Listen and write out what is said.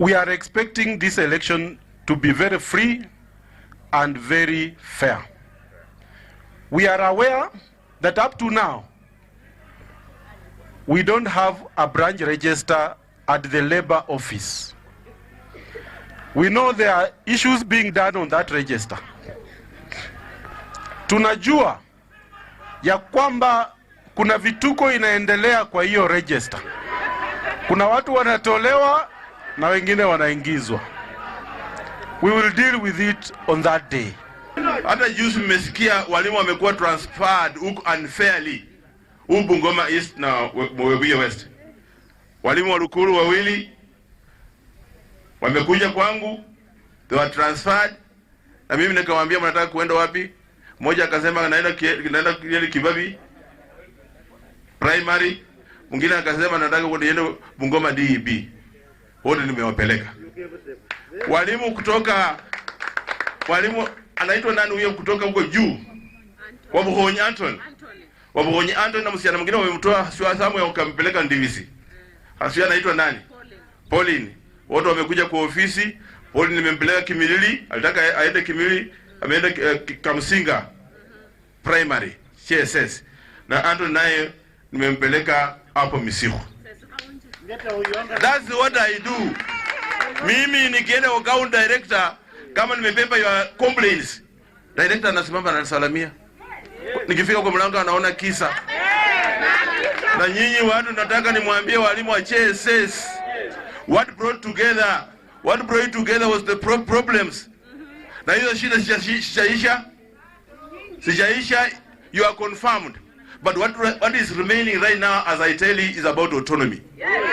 We are expecting this election to be very free and very fair. We are aware that up to now, we don't have a branch register at the labor office. We know there are issues being done on that register. Tunajua ya kwamba kuna vituko inaendelea kwa hiyo register. Kuna watu wanatolewa na wengine wanaingizwa. We will deal with it on that day. Hata juzi mmesikia walimu wamekuwa transferred huko unfairly huko Bungoma East na Webuye West. Walimu walukuru wawili wamekuja kwangu, they were transferred, na mimi nikamwambia mnataka kuenda wapi? Mmoja akasema naenda naenda Kibabi primary, mwingine akasema nataka kuenda Bungoma DEB wote nimewapeleka walimu kutoka walimu anaitwa nani huyo kutoka huko juu Wabuhonyi Anton Wabuhonyi Anton na msichana mwingine wamemtoa Shua Samuel wakampeleka Ndivisi hasi eh. anaitwa nani Pauline wote wamekuja kwa ofisi Pauline nimempeleka Kimilili alitaka aende Kimilili ameenda uh, Kamsinga mm-hmm. primary CSS na Anton naye nimempeleka hapo Misiku That's what I do. Mimi nikienda account director, kama nimebeba your complaints, director anasimama na salamia. Nikifika kwa mlango anaona kisa. Na nyinyi watu nataka nimwambie walimu wa CSS. What brought together? What brought together was the pro problems. Na hiyo shida sijaisha. Sijaisha, you are confirmed. But what, what is remaining right now, as I tell you, is about autonomy. Yeah.